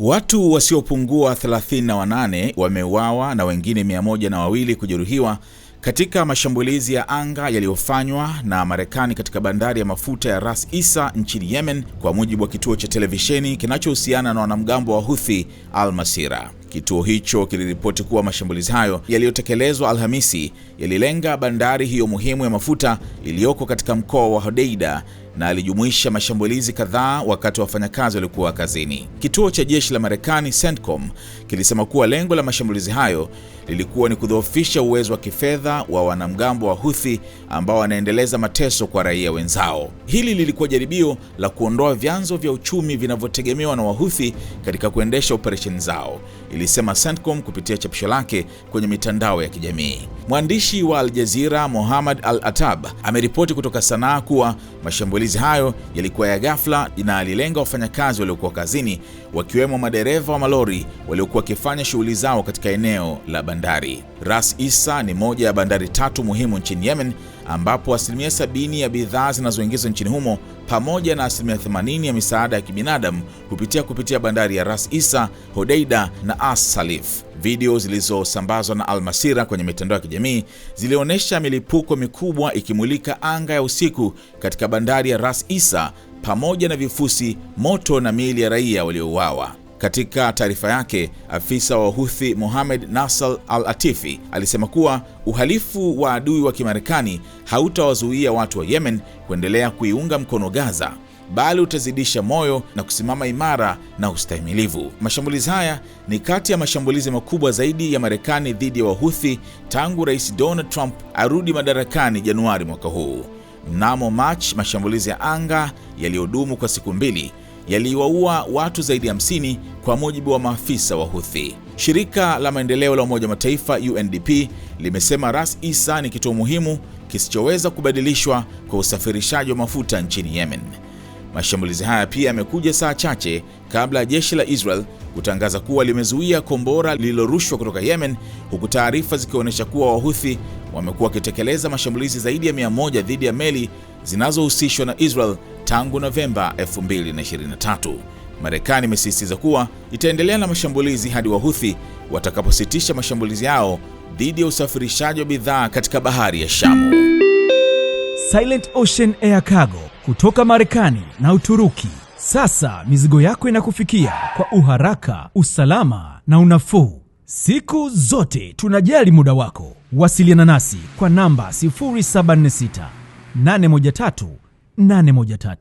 Watu wasiopungua 38 wameuawa na wengine mia na wawili kujeruhiwa katika mashambulizi ya anga yaliyofanywa na Marekani katika bandari ya mafuta ya Ras Isa nchini Yemen, kwa mujibu wa kituo cha televisheni kinachohusiana na wanamgambo wa Houthi Al Masira. Kituo hicho kiliripoti kuwa mashambulizi hayo yaliyotekelezwa Alhamisi yalilenga bandari hiyo muhimu ya mafuta iliyoko katika mkoa wa Hodeida na alijumuisha mashambulizi kadhaa wakati wa wafanyakazi walikuwa kazini. Kituo cha jeshi la Marekani CENTCOM kilisema kuwa lengo la mashambulizi hayo lilikuwa ni kudhoofisha uwezo wa kifedha wa wanamgambo wa Houthi ambao wanaendeleza mateso kwa raia wenzao. Hili lilikuwa jaribio la kuondoa vyanzo vya uchumi vinavyotegemewa na Wahuthi katika kuendesha operesheni zao, ilisema CENTCOM kupitia chapisho lake kwenye mitandao ya kijamii. Mwandishi wa Al Jazeera Mohammad Al Atab ameripoti kutoka Sanaa kuwa mashambulizi Mashambulizi hayo yalikuwa ya ghafla na yalilenga wafanyakazi waliokuwa kazini, wakiwemo madereva wa malori waliokuwa wakifanya shughuli zao katika eneo la bandari. Ras Isa ni moja ya bandari tatu muhimu nchini Yemen ambapo asilimia sabini ya bidhaa zinazoingizwa nchini humo pamoja na asilimia 80 ya misaada ya kibinadamu hupitia kupitia bandari ya Ras Isa, Hodeida na As Salif. Video zilizosambazwa na Almasira kwenye mitandao ya kijamii zilionyesha milipuko mikubwa ikimulika anga ya usiku katika bandari ya Ras Isa pamoja na vifusi, moto na miili ya raia waliouawa. Katika taarifa yake, afisa wa Houthi Mohamed nasal al-Atifi alisema kuwa uhalifu wa adui wa Kimarekani hautawazuia watu wa Yemen kuendelea kuiunga mkono Gaza bali utazidisha moyo na kusimama imara na ustahimilivu. Mashambulizi haya ni kati ya mashambulizi makubwa zaidi ya Marekani dhidi ya Wahuthi tangu Rais Donald Trump arudi madarakani Januari mwaka huu. Mnamo Machi, mashambulizi ya anga yaliyodumu kwa siku mbili yaliwaua watu zaidi ya 50 kwa mujibu wa maafisa wa Houthi. Shirika la maendeleo la Umoja wa Mataifa UNDP limesema Ras Isa ni kituo muhimu kisichoweza kubadilishwa kwa usafirishaji wa mafuta nchini Yemen. Mashambulizi haya pia yamekuja saa chache kabla ya jeshi la Israel kutangaza kuwa limezuia kombora lililorushwa kutoka Yemen, huku taarifa zikionyesha kuwa Wahuthi wamekuwa wakitekeleza mashambulizi zaidi ya 100 dhidi ya meli zinazohusishwa na Israel tangu Novemba 2023. Marekani imesisitiza kuwa itaendelea na mashambulizi hadi Wahuthi watakapositisha mashambulizi yao dhidi ya usafirishaji wa bidhaa katika bahari ya Shamu. Silent Ocean Air Cargo kutoka Marekani na Uturuki. Sasa mizigo yako inakufikia kwa uharaka, usalama na unafuu. Siku zote tunajali muda wako. Wasiliana nasi kwa namba 076 813 813